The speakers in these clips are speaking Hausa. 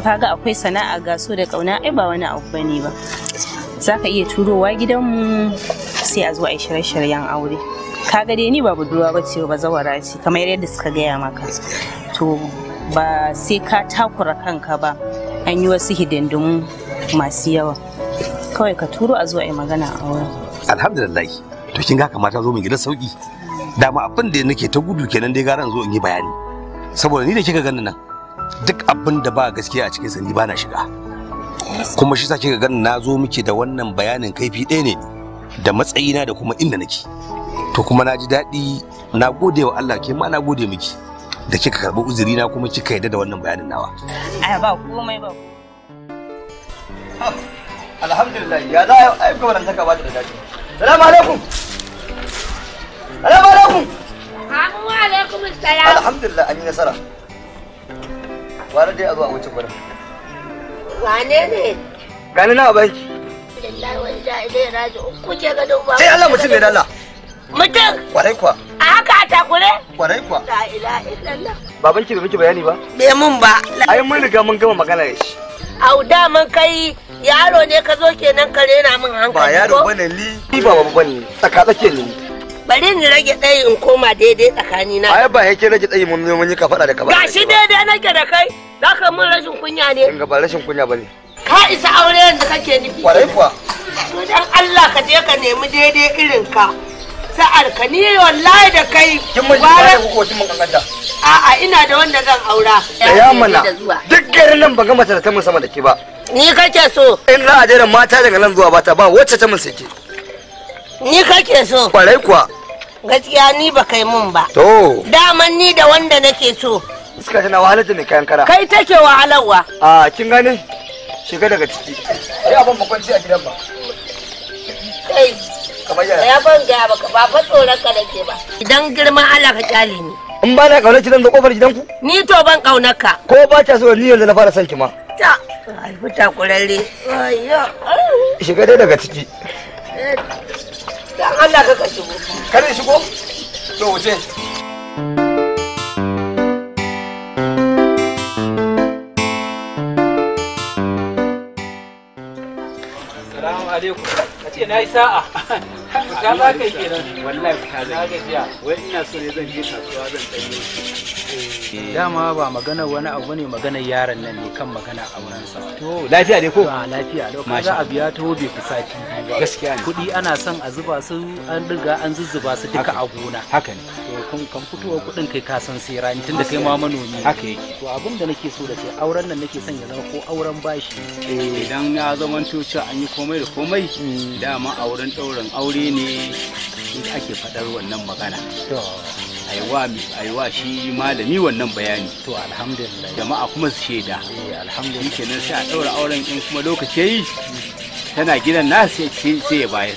kaga akwai sana'a ga so da kauna ai ba wani abu bane ba za ka iya turowa gidanmu sai a zo a shirye-shiryen aure kaga dai ni ba budurwa ba ce ba zawara ce kamar yadda suka gaya maka to ba sai ka takura kanka ba an yi wasu hidindimu masu yawa kawai ka turo a zo a yi magana a wurin alhamdulillah to kin ga kamata zo min gidan sauki dama abin da nake ta gudu kenan dai garan zo in yi bayani saboda ni da kika ganin nan duk abin da ba gaskiya a sa ni ba na shiga kuma shi sa kika ganin na zo miki da wannan bayanin kaifi ɗaya ne da matsayina da kuma inda nake to kuma na ji daɗi na gode wa Allah ke ma na gode miki da kika karɓi uzuri na kuma kika yarda da wannan bayanin nawa ai ba komai ba ah, alhamdulillah ya za a yi kuma ta ba da daɗi salamu alaikum salamu alaikum alaikum salam alhamdulillah an yi nasara Wani dai a zuwa wancan gurin. Wane ne? Gani na abai wa Sai Allah mutum ne Allah. Mutum. Kwarai kuwa. A haka a takure? Kwarai kuwa. La ilaha illallah. Baban ki da miki bayani ba? Bai mun ba. Ai mun riga mun gama magana da shi. Au da mun kai yaro ne ka zo kenan ka rena min hankali. Ba yaro bane li. Ni ba babban ne Tsaka tsake ne. bari ni rage ɗayi in koma daidai tsakani na ai ba yake rage ɗayi mun mun yi ka faɗa da ka ba gashi daidai nake da kai ka mun rashin kunya ne kin ga ba rashin kunya bane ka isa aure yanzu kake nufi kwarai kuwa to dan Allah ka je ka nemi daidai irin ka sa'ar ka ni wallahi da kai kin mun ba ku ko kin mun kankanta a'a ina da wanda zan aura da ya mana duk garin nan ba ga mace ta mun sama da ke ba ni kake so in za a je da mata daga nan zuwa ta ba wacce ta mun sake ni kake so kwarai kuwa gaskiya ni ba kai mun ba to daman ni da wanda nake so iska tana wahalar da mai kayan kara kai take wahalarwa a kin gane shiga daga ciki ai abin ba kwanci a gidan ba kai kamar yaya ya ban ga baka ba fa tsoron ka nake ba idan girman Allah ka kyale ni in ba na kaunar gidan da kofar gidan ku ni to ban kaunar ka ko ba ta so ni yanzu na fara son ki ma ta ai futa kurare ayyo shiga dai daga ciki eh. Dan Allah ka shigo. Kada shigo? To wuce. Salamu alaikum. na yi sa'a. ya za ka yi kenan wallahi ta zai wai ina so ne zan je kasuwa zan tsaye eh. dama ba magana wani abu ne magana yaran nan ne kan magana a wurin sa to lafiya ne ko ba lafiya lau ka za a biya ta hobe fusati gaskiya ne kuɗi ana son a zuba su an riga an zuzzuba su duka a gona haka ne to kun kan fitowar kudin kai ka san sai rani tunda kai ma manomi haka yake to abin da nake so da ke auren nan nake son ya zama ko auren bashi eh, idan ya zamanto cewa an yi komai da komai mm. dama auren dauran aure ne inda ake faɗar wannan magana aiwa shi malami wannan bayani to alhamdulillah jama'a kuma su shaida eh, alhamdulillah kenan sai a ɗaura auren in kuma lokaci yayi tana gidan na sai ya bayar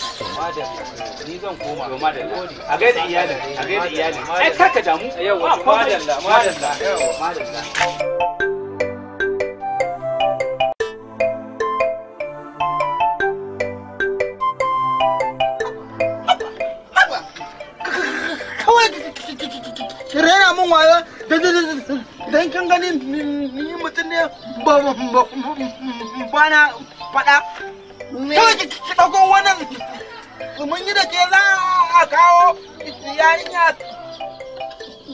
ni zan koma to madalla a gaida iyalin a gaida iyalin ai kaka damu yawa madalla madalla madalla bana faɗa kawai ki wannan mun yi da ke za a kawo yarinya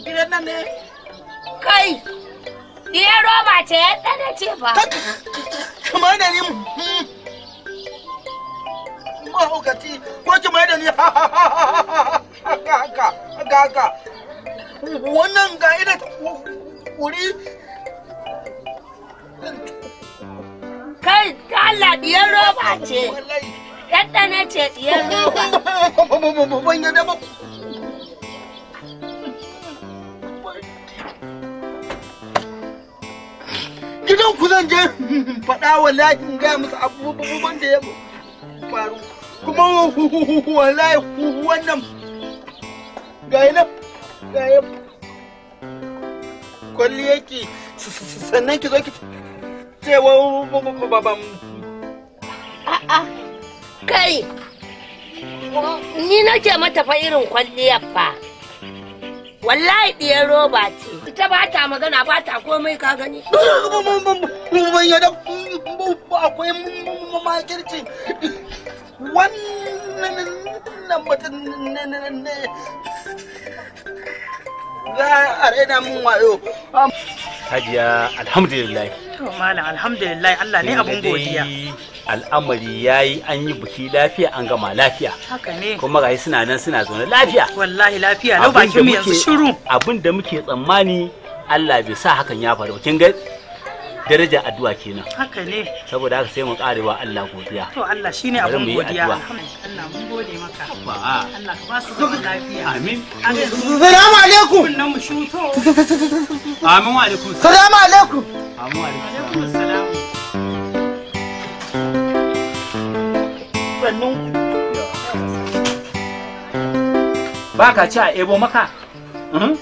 gidan nan ne kai iya roba ce ya tsada ce ba. Kamar da ni mahaukaci ko ki da ni haka haka wannan ga ina wuri kai kala diyar roba ce yadda na ce diyar roba gidan ku zan je faɗa wallahi in gaya musu abubuwan da ya faru kuma wallahi wannan ga nan ga kwalli yake sannan ki zo ki a'a kai ni nake mata fa irin kwalliyar fa wallahi ɗiyar roba ce ita ba ta magana ba ta komai mun to malam alhamdulillah Allah ne abun godiya al'amari yayi an yi biki lafiya an gama lafiya haka ne kuma gashi suna nan suna zaune lafiya wallahi lafiya lau bakin mu yanzu shiru abin da muke tsammani Allah bai sa hakan ya faru kin ga daraja addu'a kenan haka ne saboda haka sai mu kare wa Allah godiya to Allah shine abun godiya Allah mun gode maka Allah ka ba su zuwa lafiya amin assalamu alaikum nan mu shuto amin wa alaikum assalamu alaikum amin wa alaikum assalam sannan ba ka ci a ebo maka hmm?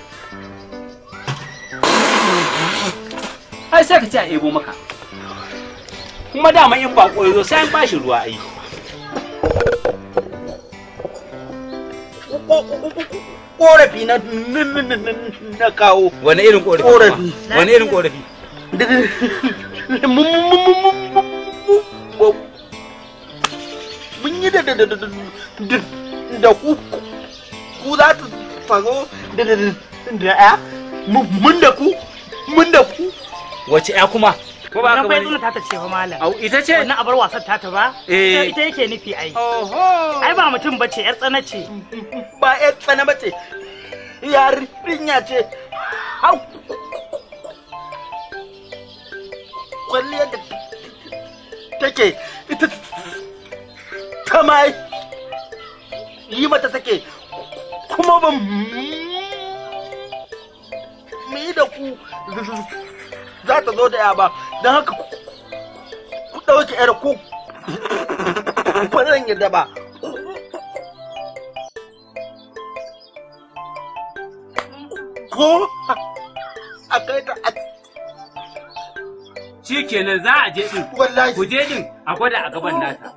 ai sai ka ci a ebo maka kuma dama in ba ya zo sai an bashi ruwa ai korafi na na kawo wani irin korafi wani irin korafi mun yi da da da ku ku za ta fazo da da da mun da ku mun da ku wace ya kuma ko ba ka bari nan ta ce malam au ita ce wannan abar wasan ta ta ba eh. ita yake nufi ai oho ai ba mutum bace yar tsana ce ba yar tsana bace yarinya ce au kwalliya da take ita ta mai yi mata take kuma ban mi yi da ku za ta zo da ya ba don haka ku ɗauki yar ku ba zan yarda ba ko a kai ta a shi kenan za a je din ku je din a gwada a gaban nata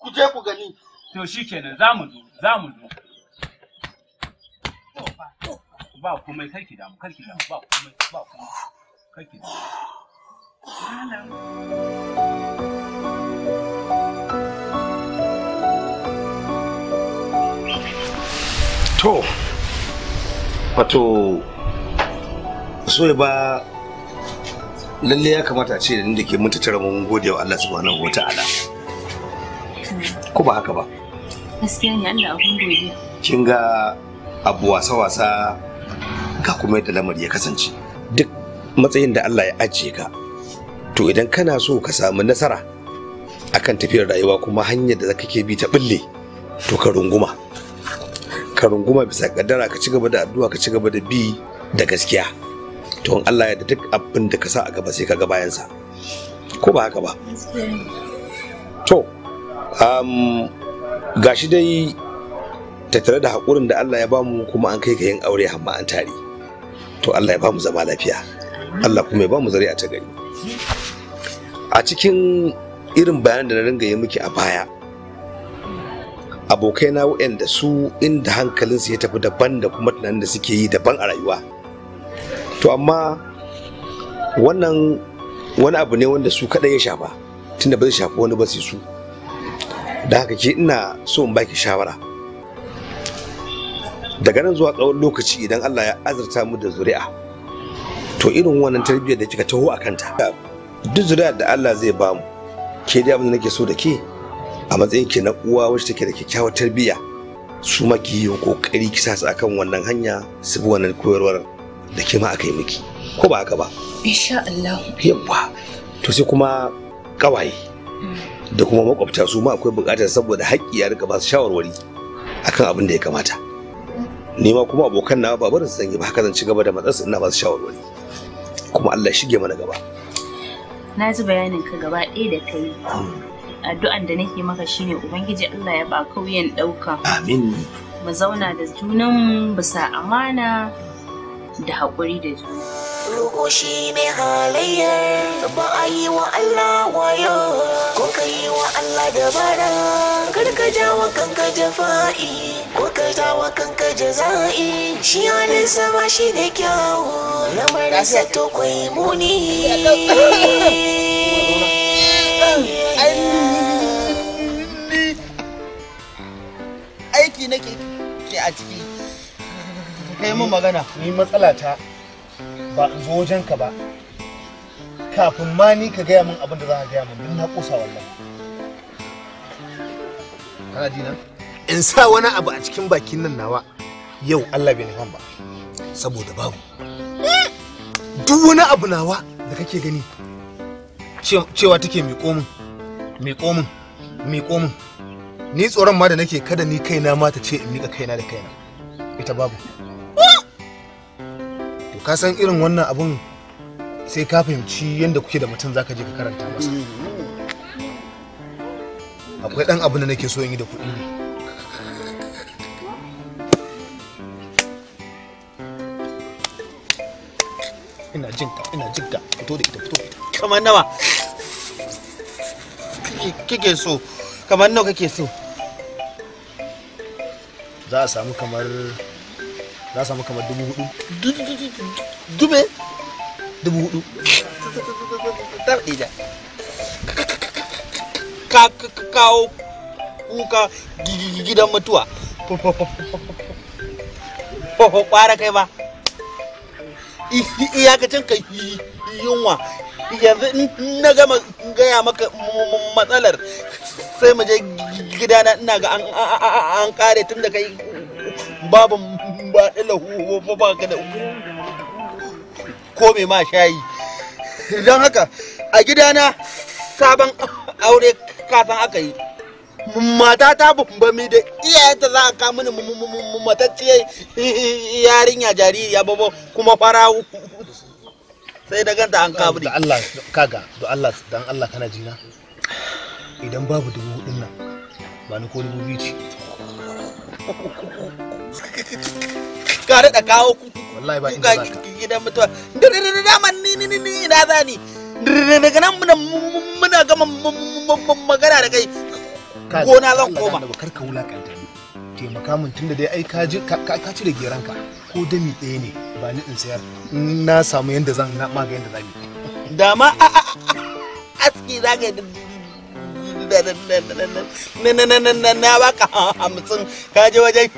ku je ku gani to shi kenan za mu zo za mu zo ba komai kar ki damu kar ki damu ba komai ba komai kar ki damu To, wato soya ba lalle ya kamata ce da ni da ke mutu tara mun gode wa Allah subhanahu wa ta'ala. Ko ba haka ba? Gaskiya ne Allah abun godiya. Kin ga abu wasa-wasa ka kuma yadda lamari ya kasance duk matsayin da Allah ya ajiye ka to idan kana so ka samu nasara akan tafiyar rayuwa kuma hanyar da kake bi ta bille to ka runguma ka runguma bisa kaddara ka ci gaba da addu'a ka ci gaba da bi da gaskiya to in Allah ya da duk abin da ka sa a gaba sai ka ga bayansa ko ba haka ba to um, gashi dai tattare da haƙurin da Allah ya bamu kuma an kai ka yin aure amma an tare to Allah ya ba mu zama lafiya Allah kuma ya ba mu zari'a ta gari a cikin irin bayanan da na ringa yi miki a baya abokai na waɗanda su inda hankalinsu ya tafi daban da kuma tunanin da suke yi daban a rayuwa to amma wannan wani abu ne wanda su kaɗai ya shafa tunda ba zai shafi wani ba su da haka ke ina so in baki shawara daga nan zuwa tsawon lokaci idan Allah ya azurta mu da zuri'a to irin wannan tarbiyyar da kika taho a kanta duk zuri'ar da Allah zai ba mu ke da abin da nake so da ke a matsayin ki na uwa wacce take da kyakkyawar tarbiyya su ma ki yi kokari ki akan wannan hanya su bi wannan koyarwar da ke ma aka yi miki ko ba haka ba insha Allah yawa to sai kuma kawaye mm. da kuma makwabta su ma akwai bukatar saboda haƙƙi ya rika ba su shawarwari akan abin da ya kamata ni ma kuma abokan na ba barin su ba haka zan ci gaba da matsarsu ina ba su shawarwari kuma Allah shige mana gaba na ji bayanin ka gaba ɗaya da kai addu'an da nake maka shine ubangiji Allah ya ba kauyen ɗauka amin mu zauna da junan bisa amana da haƙuri da juna roƙo shi mai halayya ba a yi wa Allah wayo ko ka yi wa Allah dabara kar ka ja wa kanka jafa'i ko ka ja wa kanka jaza'i shi halin sama shi da kyawu lamarin sa to kwai muni aiki nake ke a ciki kai mun magana ni matsala ta ba in zo wajen ka ba kafin ma ni ka gaya min abin da za ka gaya min don na kusa wallahi kana in sa wani abu a cikin bakin nan nawa yau Allah bai nufan ba saboda babu duk wani abu nawa da kake gani cewa take mai komin mai komin mai komin ni tsoron ma da nake kada ni kaina ma ta ce in miƙa kaina da kaina ita babu ka san irin wannan abun sai ka fahimci yadda kuke da mutum zaka je ka karanta masa akwai dan abin da nake so in yi da kuɗi ne ina jin ka ina jin ka fito da ita fito da ita kamar nawa kike so kamar nawa kake so za a samu kamar za samu kamar dubu hudu dube dubu hudu kawo kuka gidan mutuwa kwara kai ba iyakacin ka yunwa yanzu na gama gaya maka matsalar sai mu gidana ina ga an kare tun kai babu ba ɗala huhu ba ba ka da ko mai ma shayi don haka a gidana sabon aure kasan aka yi mata ta bambami da iyayenta za a kama ni matacce yarinya jaririya babo kuma fara sai da ganta an kama da Allah kaga da Allah dan Allah kana jina idan babu dubu dinnan ba ni ko dubu biyu ce ka daɗa kawo kuka gidan mutuwa da daman ni ni ni ina za ni daga nan muna muna gama magana da kai gona zan koma kar ka wulakanta ni taimaka min tunda dai ai ka ji ka ci cire geranka ko dami ɗaya ne ba ni in sayar na samu yadda zan na maga yadda zan yi dama aski zaka yi na baka hamsin ka je wajen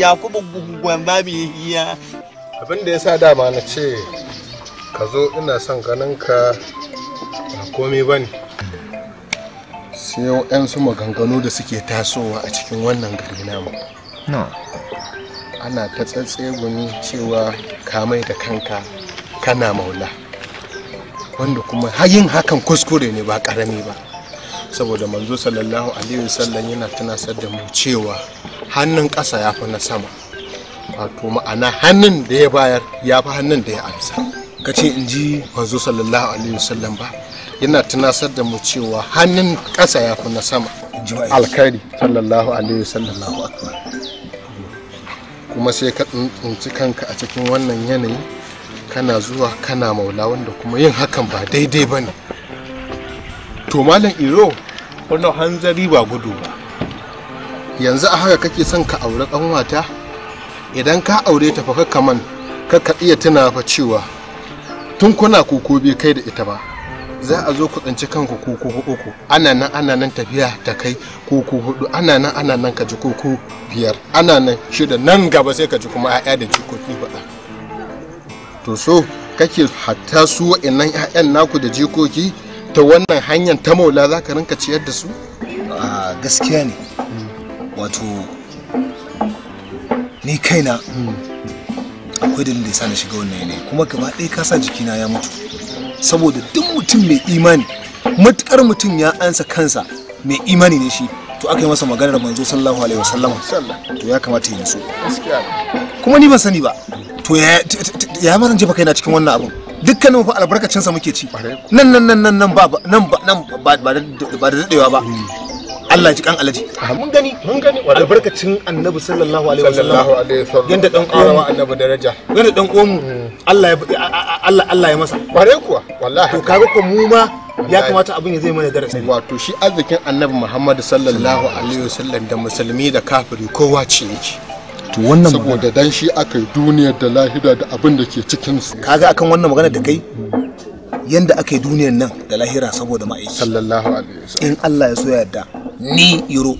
yakubu gwamba mai hiya abin da ya sa dama na ce ka zo ina son ganin ka ba komai ba ne sai yan su maganganu da suke tasowa a cikin wannan gari namu ana ta tsatsegumi cewa kamai mai da kanka kana maula wanda kuma yin hakan kuskure ne ba ƙarami ba saboda manzo sallallahu alaihi wasallam yana tunasar da mu cewa hannun ƙasa ya fi na sama wato ma'ana hannun da ya bayar ya fi hannun da ya amsa ka ce in ji manzo sallallahu alaihi wasallam ba yana tunasar da mu cewa hannun ƙasa ya fi na sama alkhairi sallallahu alaihi wasallam kuma sai ka tsinci kanka a cikin wannan yanayi kana zuwa kana maula wanda kuma yin hakan ba daidai ba ne to malam iro wannan hanzari ba gudu ba yanzu a haka kake son ka aure ƙanwata idan ka aure ta fa kaman ka ka iya tuna fa cewa tun kuna koko bai kai da ita ba za a zo ku tsanci kanku koko uku ana nan ana nan tafiya ta kai koko hudu ana nan ana nan ka ji koko biyar ana nan shida nan gaba sai ka ji kuma 'ya'ya da jikoki ba to so kake hatta su wa'annan 'ya'yan naku da jikoki ta wannan hanyar ta maula za ka rinka ciyar da su gaskiya ne wato ni kaina akwai dalilin da ya sa na shiga wannan yanayi kuma gaba ɗaya ka sa jikina ya mutu saboda duk mutum mai imani matukar mutum ya ansa kansa mai imani ne shi to aka yi masa maganar manzo sallallahu alaihi wasallam to ya kamata ya musu kuma ni ban sani ba to ya maran jefa kaina cikin wannan abin dukkanin ku albarkacin sa muke ci nan nan nan nan ba nan ba nan ba ba da dadewa ba hmm. Allah ji kan alaji mun gani mun gani albarkacin annabi sallallahu alaihi wasallam yanda dan uwan hmm. annabi daraja yanda dan uwan mu hmm. Allah ya Allah Allah ya masa kware kuwa wallahi to kaga ko mu ma ya kamata abin ya zai mana darasi wato shi arzikin annabi Muhammad sallallahu alaihi wasallam da musulmi da kafiri kowa ce yake to wannan saboda dan shi aka yi da lahira da abin da ke cikin su kaga akan wannan magana da kai yanda aka yi duniyar nan da lahira saboda ma'aiki sallallahu alaihi wasallam in Allah ya so ya yarda ni iro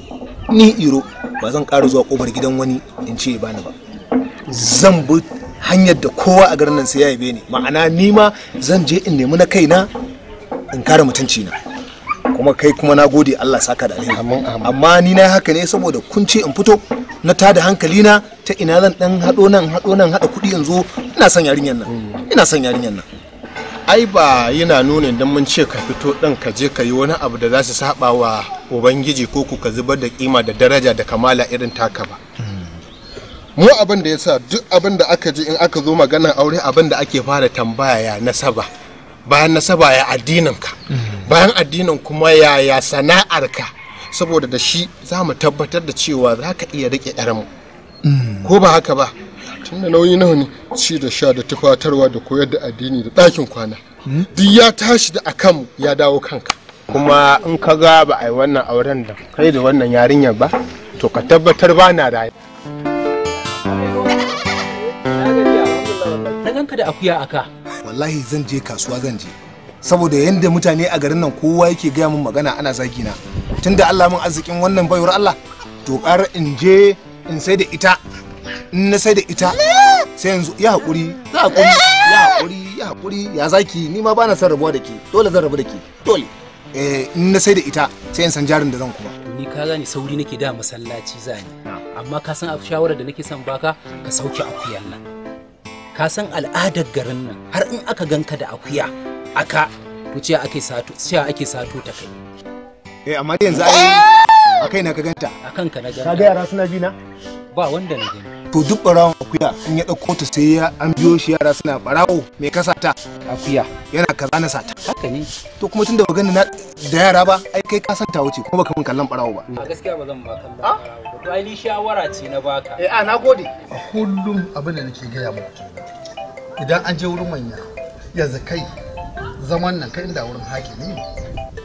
ni iro ba zan ƙara zuwa ƙofar gidan wani in ce ya bani ba zan bi hanyar da kowa a garin nan sai ya yabe ni ma'ana ni ma zan je in nemi na kaina in kare mutunci na kuma kai kuma na gode Allah saka da alheri amma ni na haka ne saboda kun ce in fito na tada hankali na ta ina zan dan haɗo nan haɗo nan haɗa kuɗi yanzu ina son yarinyar nan ina son yarinyar nan ai ba yana nuna dan mun ce ka fito dan ka je ka yi wani abu da za su saba wa ubangiji ko ku ka zubar da kima da daraja da kamala irin taka ba mu abin da ya duk abin da aka ji in aka zo maganar aure abin da ake fara tambaya ya nasaba bayan nasaba ya addinin ka bayan addinin kuma yaya sana'arka saboda da shi za mu tabbatar da cewa za ka iya rike ƴarmu, mm. ko ba haka ba tun da nauyi nawa ne ci da sha da tufatarwa da koyar da addini da ɗakin kwana mm. duk ya tashi da akan ya dawo kanka kuma in ka ga ba a yi wannan auren da kai da wannan yarinyar ba to ka tabbatar ba na raye ganka da akuya aka wallahi zan je kasuwa zan je saboda yadda mutane a garin nan kowa yake gaya min magana ana zagina na da Allah mun arzikin wannan bayar Allah to ƙara in je in sai da ita in na sai da ita sai yanzu ya haƙuri ya haƙuri ya haƙuri ya haƙuri ya zaki ni ma bana son rabuwa da ke dole zan rabu da ke dole eh in na sai da ita sai in san jarin da zan kuma ni ka gane sauri nake da masallaci zani amma ka san shawarar da nake son baka ka sauke akuyan nan ka san al'adar garin nan har in aka ganka da akuya aka to ce ake sato ce ake sato ta kai eh amma yanzu ai eh! a kai na ka ganta a kanka na ganta ka ga yara suna bi na ba wanda na gani to duk barawon akuya in ya ɗauko ta sai ya an biyo shi yara suna barawo mai kasa ta akuya yana kaza na sata haka ne to kuma tunda magana na da yara ba ai kai ka santa wuce kuma baka mun kallon barawo ba a gaskiya ba zan ba kallon barawo ah! ba to ai ni shawara ce na baka eh a nagode a kullum abin da nake gaya muku idan an je wurin manya yanzu kai zaman nan kai inda wurin hakimi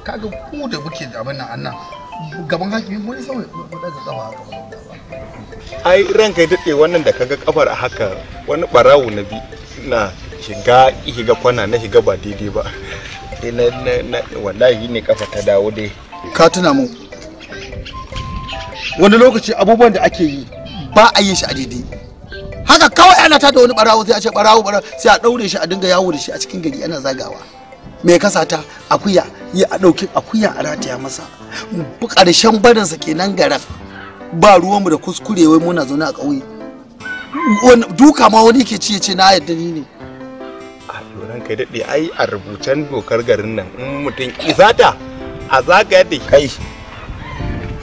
kaga ku da muke da abin nan annan gaban hakimi mun yi mu mun da haka ai ranka dade wannan da kaga kafar a haka wani barawo na bi na shiga shiga kwana na shiga ba daidai ba na na wallahi ne kafa ta dawo dai ka tuna mu wani lokaci abubuwan da ake yi ba a yin shi a daidai haka kawai ana ta da wani barawo sai a ce barawo barawo sai a daure shi a dinga yawo da shi a cikin gari ana zagawa mai kasata akuya ya a ɗauki akuya a rataya masa ƙarshen barinsa kenan gara ba ruwanmu da kuskure wai muna zaune a ƙauye duka ma wani ke ciye ce na yadda ni ne a doran kai daɗe ai a rubutan dokar garin nan in mutum isata a zagaya da kai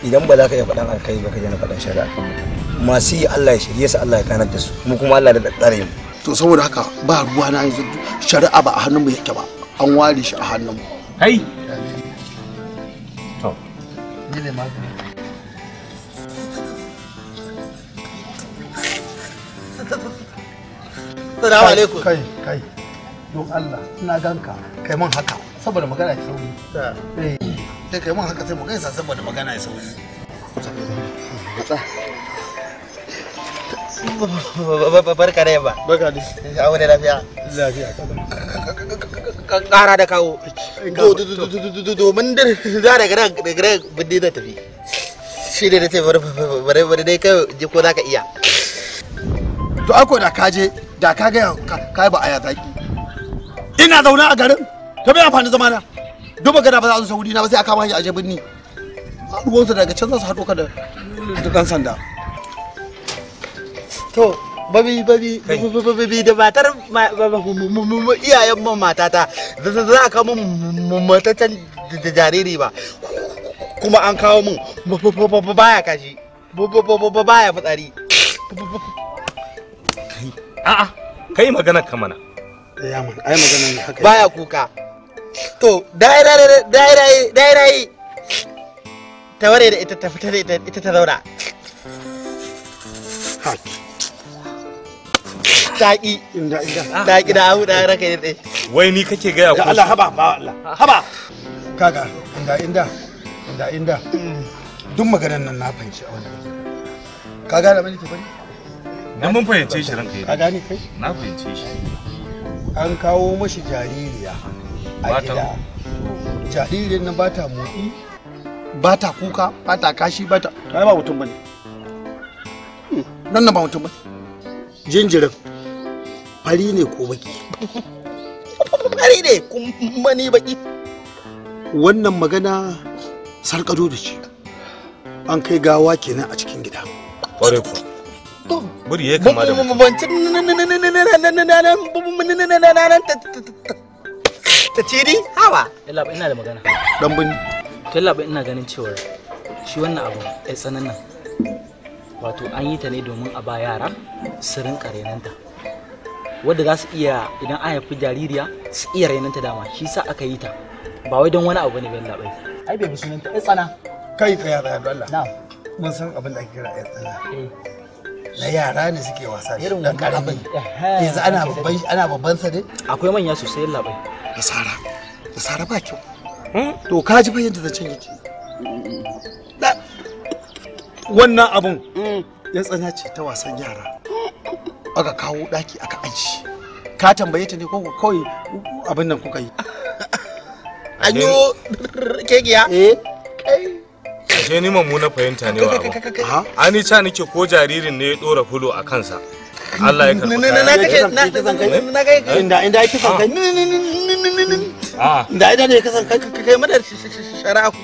idan ba za ka iya faɗan alkai ba ka je na faɗan shari'a masu yi Allah ya shirye su Allah ya kanar da su mu kuma Allah da tsare mu to saboda haka ba ruwa na yanzu shari'a ba a hannun mu yake ba an ware shi a hannun hai to ne ne magana Salamu alaikum. Kai, kai. Don Allah, ina ganka. Kai man haka saboda magana ya sauri. Eh. Sai kai man haka sai magana sa saboda magana ya sauri. Barka da yamma. Barka da. Aure lafiya. Lafiya. kara da kawo domin da za da gara da gara bindi da tafi shi ne da ce da bari dai kai je ko za iya to ako da ka je da ka ga ka ba aya zaki ina zaune a garin to bai amfani zama na duba gada ba za su sauri na ba sai aka a a je binni ruwansu daga can za su haɗo ka da dukan sanda to babi babi babi da matar iyayen mu matata za a kawo min matatan da jariri ba kuma an kawo min baya kashi baya fitsari a'a kai magana kamana ai magana haka baya kuka to dai yi ta ware da ita ta fita da ita ta zauna Taƙi. Taƙi da abu da raka ne tsaye. Wai ni kake gaya ko? Allah haba ba Allah. Haba. Kaga inda inda inda inda. Duk maganar nan na fahimci a wannan Kaga Ka gane abin da ke bari? Na mun fahimce shi ranka. Ka gane kai? Na fahimce shi. An kawo mashi jaririya a gida. Jaririyar nan ba ta motsi, ba ta kuka, ba ta kashi, ba ta. Ai ba mutum bane. Nan na ba mutum bane. jinjirin fari ne ko baki fari ne kuma ni baki wannan magana sarƙado da ce an kai gawa kenan a cikin gida ƙware ku buri ya kama da ta ciri hawa yalla ina da magana dan bin yalla ina ganin cewa shi wannan abu ai tsananan wato an yi ta ne domin a ba yara sirrin karenanta renanta wadda za su iya idan an haifi jaririya su iya renanta dama shi sa aka yi ta ba wai don wani abu ne bai labai ai bai sunan ta tsana kai ka yara da Allah na'am mun san abin da ake kira tsana eh. na yara ne suke wasa shi dan karami yanzu ana babban ana babban sa ne akwai manya sosai labai da sara da sara ba kyau hmm? to ka ji fa yadda zancen yake wannan abun ya tsana ce ta wasan yara aka kawo ɗaki aka aji ka tambaye ta ne ko kawai abin nan kuka yi anyo giya eh ashe ni na fahimta ne wa abu ani ca nake ko jaririn ne ya dora fulo a kansa Allah ya karɓi kayan. Na kake na na kai inda inda yake son kai. Inda inda ne ka san kai kai mada shara'a ku.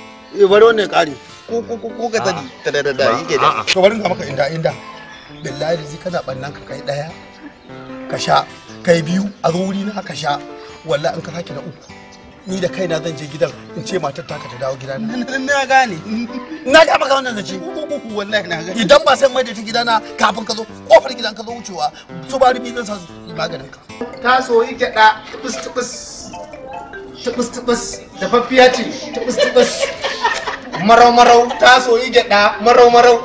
Bari wannan ya kare ko ko ko ko ka sani ta da da da yake da to bari ga maka inda inda billahi da kana bannan ka kai daya ka sha kai biyu a zo wuri na ka sha wallahi in ka sake na uku ni da kaina zan je gidan in ce matar ta ka ta dawo gidana na gane na ga maka wannan zace wallahi na gane idan ba sai mai da ta gidana kafin ka zo kofar gidan ka zo wucewa so ba rubi zan sa su maganin ka ta soyi gyada tubus tubus tubus tubus da fafiya ce tubus tubus marau-marau ta soyi gyada marau-marau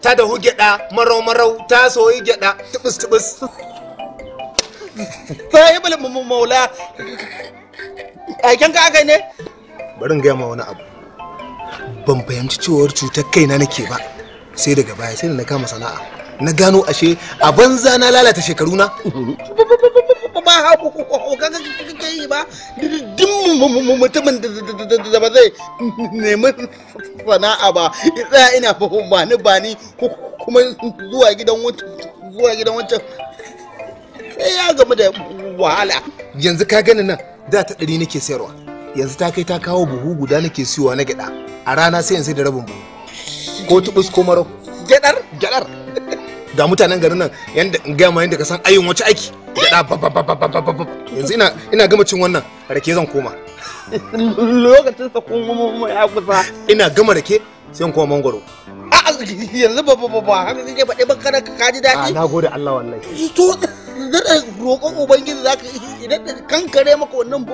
ta dahu gyaɗa marau-marau ta soyi gyada tubus-tubus ta yi bulmin maula aikin ka aka ne bari in gaya ma wani abu ban fahimci cewar cutar kaina nake ba sai daga baya sai na kama sana'a na gano ashe a banza na lalata shekaru na ba ba ha ga yi ba din mutumin da ba zai nemi sana'a ba ina ina ba ni ba ni kuma zuwa gidan zuwa gidan wancan sai ya gamu da wahala yanzu ka gani nan da ta ɗari nake sayarwa yanzu ta kai ta kawo buhu guda nake siyowa na gyaɗa a rana sai yanzu da rabin buhu ko tubus ko marau gyaɗar gyaɗar da mutanen garin nan yanda in gaya ma yanda ka san ayin wace aiki gyaɗa yanzu ina ina gama cin wannan rake zan koma lokacin sa kuma ya kusa ina gama rake sai in koma mangoro yanzu ba ba ba haka kake faɗe ba kana ka ji daɗi na gode Allah wallahi to dada roƙon ubangiji zaka idan kankare maka wannan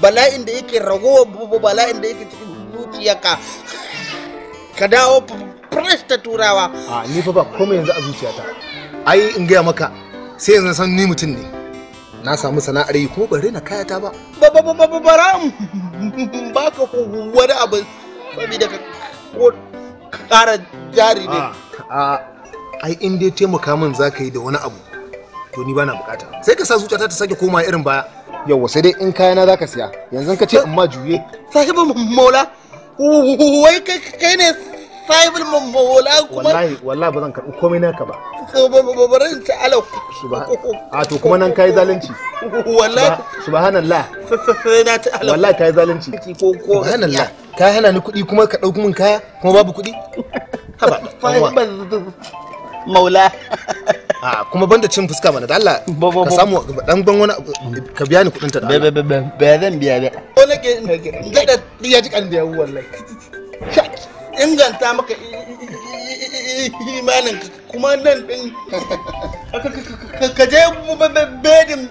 bala'in da yake ragowa bala'in da yake cikin zuciyarka ka dawo fresh ta turawa a ni fa ba komai yanzu a zuciyata ai in gaya maka sai yanzu san ni mutum ne na samu sana'ar yi ko ban rena kayata ba ba ba ba ba bara ba ka wani abu saboda ka ko ƙara jari ne a ai in dai taimaka min za ka yi da wani abu to ni bana bukata sai ka sa zuciyata ta sake koma irin baya yawwa sai dai in kayana za ka siya yanzu ka ce in ma juye sahibu maula wai kai ne sahibul wala kuma wallahi wallahi ba zan karbi komai naka ba so ta alau a to kuma nan kai zalunci wallahi subhanallah sai na ta alau wallahi kai zalunci subhanallah ka hana ni kuɗi kuma ka ɗauki min kaya kuma babu kuɗi haba maula a kuma banda cin fuska mana da Allah ka samu dan ban wani ka biya ni kuɗin ta da Allah ba zan biya ba ko nake da ya ji kan da yawo wallahi inganta maka imanin kuma nan din ka je bedin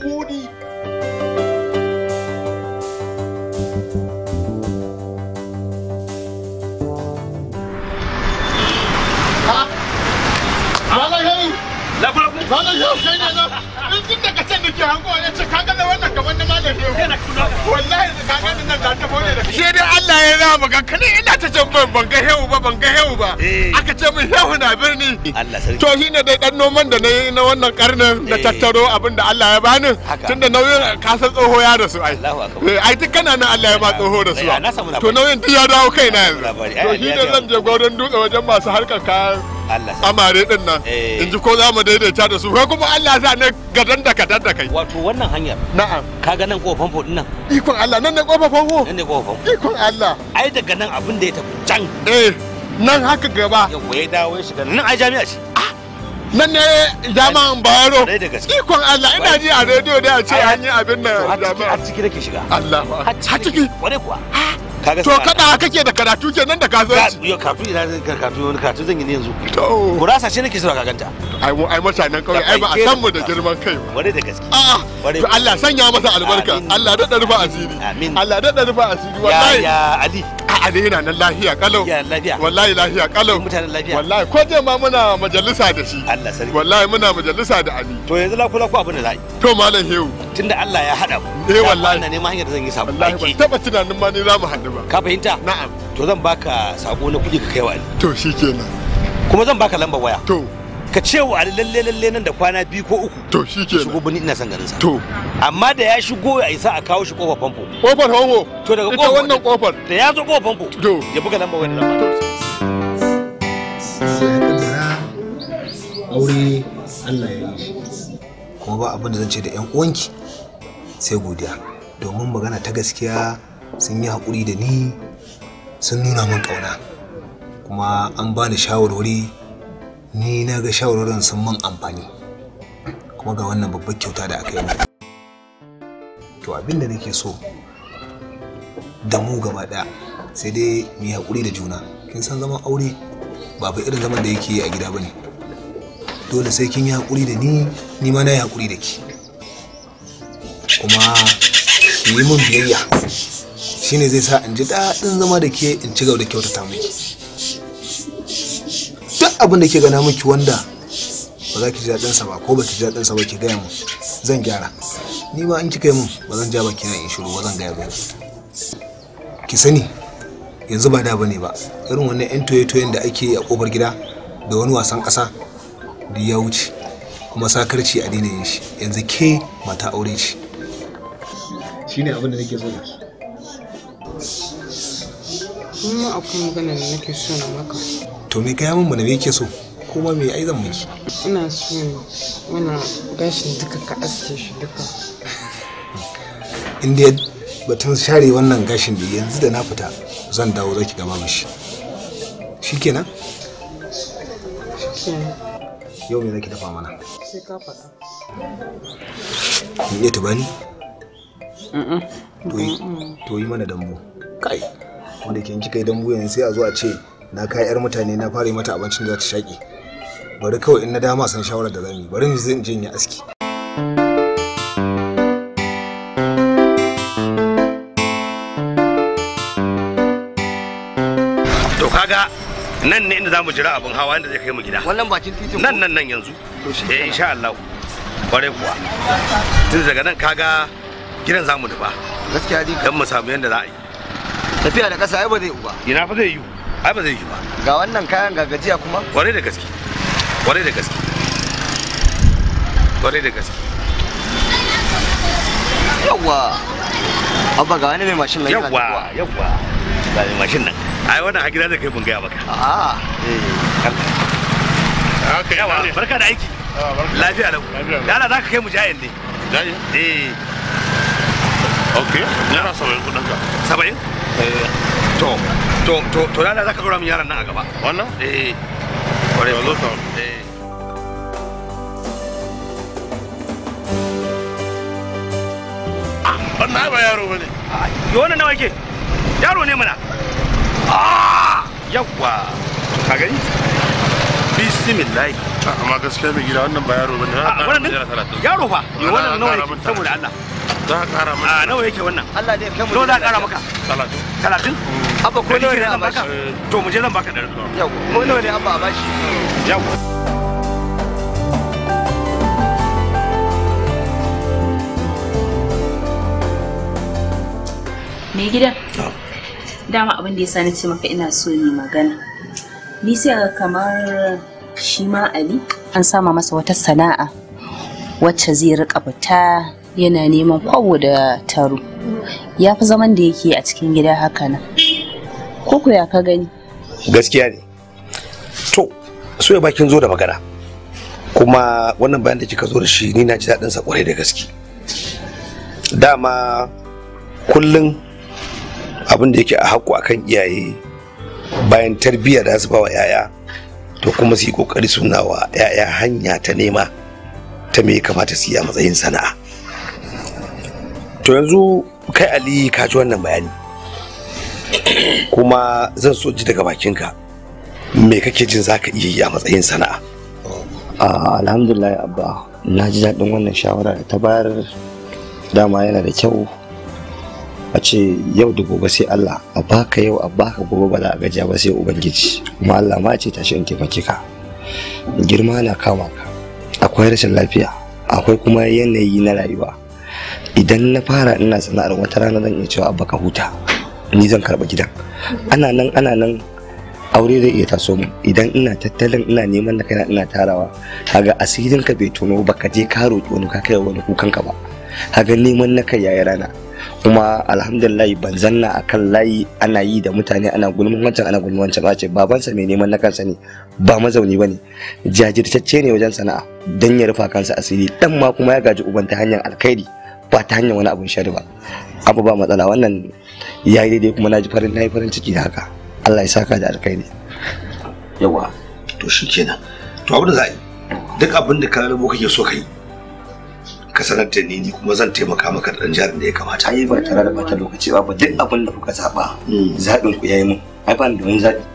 budi Ranar yau kai ne na, in tun daga can da ke hankowa ne ce, ka gane wannan kamar na malam yau. wallahi ka ga nan da ta bone da shi dai Allah ya rama magan kani ina ta can ban ban ga hewu ba ban ga hewu ba eh. aka ce min hewu na birni Allah sarki to shine dai dan noman da nayi na wannan karnin da eh. tattaro abin da Allah ya bani tunda nauyin kasar tsoho ya da su ai eh, ai duk kana nan Allah ya ba tsoho da su to nauyin duk ya dawo na yanzu to shine zan je gwadon dutse wajen masu harkar kayan amare din nan eh. in ji ko za mu daidaita da su kai kuma Allah za ne gadan da kadan da kai wato wannan hanyar na'am ka ga nan kofan fo nan ikon Allah nan ne kofan fo nan ne kofan ikon Allah ai daga nan abin da ya tafi can eh nan haka gaba yawa ya dawo ya shiga nan ai jami'a ce ah, nan ne jama'an bayero ikon Allah ina ji a rediyo da a ce an yi abin nan A har ciki nake shiga Allah har ciki Wane kuwa ah, to kada kake da karatu kenan da kasuwanci yo karatu ina karatu wani karatu zan yi ne yanzu kurasa ce nake sura gaganta ai mu ai mutanen kauye ai ba a san mu da girman kai ba ware da gaske a'a to Allah sanya masa albarka Allah da rufa asiri amin Allah da rufa asiri wallahi ya ali A'a ne yana nan lafiya kalau. Ya lafiya. Wallahi lafiya kalau. Mutanen lafiya. Wallahi ko je ma muna majalisa da shi. Allah sarki. Wallahi muna majalisa da Ali. To yanzu la kula ku abin da za'i. To malam Hewu. Tunda Allah ya hada mu Eh wallahi. Ina ma hanyar da zan yi sabo. Wallahi ban taba tunanin ma ne za mu haɗu ba. Ka fahimta? Na'am. To zan baka sako na kuɗi ka kai wa Ali. To shikenan. Kuma zan baka lambar waya. To. ka ce wa ali lalle lalle nan da kwana biyu ko uku to shi ke shigo bani ina san ganin sa to amma da ya shigo ya isa a kawo shi kofar famfo kofar famfo to daga kofar wannan kofar da ya zo kofar famfo to ya buga lamba wani lamba sai ya kaddara aure Allah ya yi kuma ba abin da zan ce da yan uwanki sai godiya domin magana ta gaskiya sun yi haƙuri da ni sun nuna min ƙauna kuma an bani shawarwari ni na ga shawarorin sun mun amfani kuma ga wannan babbar kyauta da aka yi to abin da nake so da mu gaba ɗaya sai dai mu hakuri da juna kin san zaman aure ba fa irin zaman da yake yi a gida bane dole sai kin yi hakuri da ni ni ma na yi hakuri da ki kuma ki yi mun biyayya shine zai sa in ji daɗin zama da ke in ci gaba da kyautata miki duk abin da ke gana miki wanda ba za ki ji daɗin sa ba ko ba ki ji daɗin sa ba ki gaya mu zan gyara ni ma in kika yi mun ba zan ja ba kina in shiru ba zan gaya ba ki sani yanzu ba da bane ba irin wannan yan toye-toyen da ake a kofar gida da wani wasan ƙasa da ya wuce kuma sakarci a daina yin shi yanzu ke mata aure ce shine abin da nake so da ki kuma akwai magana da nake so na maka to me gaya min mana me yake so kuma me ai zan miki ina so wannan gashin duka ka aske shi duka in dai batun share wannan gashin da yanzu da na fita zan dawo zaki gaba mishi shikenan yau me zaki dafa mana sai ka faɗa ni eto bani to yi mana dambu kai wanda ke kika yi dambu yanzu sai a zo a ce na kai yar mutane na fara mata abincin da za ta shaƙi bari kawai in na dama san shawarar da zan yi bari ni zan je in aski to kaga nan ne inda zamu jira abin hawa inda zai kai mu gida wannan bakin titin nan nan nan yanzu eh insha Allah kwarai kuwa tun daga nan kaga gidan zamu nufa gaskiya dai dan mu samu yanda za a yi tafiya da kasa ai ba zai yi ba ina fa zai yi ai ba zai yi ba ga wannan kayan ga gajiya kuma kwarai da gaske kwarai da gaske kwarai da gaske yawa abba ga wani mai mashin nan yawa yawa ga mai mashin nan ai wannan a gida da kai mun gaya maka a eh Okay, yawa barka da aiki ah, lafiya lau dala za ka kai mu jayin ne jayin eh ok naira saba'in ka saba'in eh to to to to lala zaka min yaran nan a gaba wannan eh kware ba zo eh wannan ba yaro bane yo wannan nawa yake yaro ne mana ah yawa ka gani bismillah amma gaskiya mai gida wannan ba yaro bane ah, wannan yaro fa yo wannan nawa yake saboda Allah za ka kara maka a nawa yake wannan Allah zai kai mu za kara maka 30 mm. abba ko nawa ne zan eh. to mu je zan baka 100 yau ko nawa ne abba a bashi yau Mai gidan? Ah. Dama abin da ya sani ce maka ina so yi magana. Ni sai kamar shi ma Ali an sama masa wata sana'a wacce zai rika fita yana neman kwabo da taro ya fi zaman da yake a cikin gida haka nan ko ya ka gani gaskiya ne to so ya bakin zo da magana kuma wannan bayan da kika zo da shi ni na ji daɗin sa kwarai da gaske dama kullum abin da yake a haƙƙo akan iyaye bayan tarbiyya da su bawa yaya to kuma su yi ƙoƙari suna wa yaya hanya ta nema ta me ya kamata su yi a matsayin sana'a to yanzu kai ali ka ji wannan bayani kuma zan so ji daga bakinka me kake jin zaka iya yi a matsayin sana'a alhamdulillah abba na ji daɗin wannan shawara da ta bayar dama yana da kyau a ce yau da gobe sai Allah a baka yau a baka gobe ba za a gajiya ba sai ubangiji kuma Allah ma ce tashi in taimake ka girma na kama ka akwai rashin lafiya akwai kuma yanayi na rayuwa idan na fara ina sana'ar wata rana zan iya cewa abba ka huta ni zan karba gidan ana nan ana nan aure zai iya taso mu idan ina tattalin ina neman da ina tarawa kaga asirin ka bai tono ba ka je ka roƙi wani ka kai wani kukan ka ba kaga neman na kai yayi rana kuma alhamdulillah ban zanna akan layi ana yi da mutane ana gulmin wancan ana gulmin wancan babansa mai neman na kansa ne ba mazauni bane jajirtacce ne wajen sana'a dan ya rufa kansa asiri dan ma kuma ya gaji uban ta hanyar alkhairi ba ta hanyar wani abun shari ba abu ba matsala wannan ya yi daidai kuma na ji farin yi farin ciki da haka Allah ya sa ka da alkhairi yawa to shi kenan to abu da za duk abin da ka rabo kake so kai ka sanar da ni kuma zan taimaka maka da dan jarin da ya kamata ai ba tare da bata lokaci ba duk abin da kuka zaba hmm. zaɓin ku yayi mun ai ba da wani zaɓi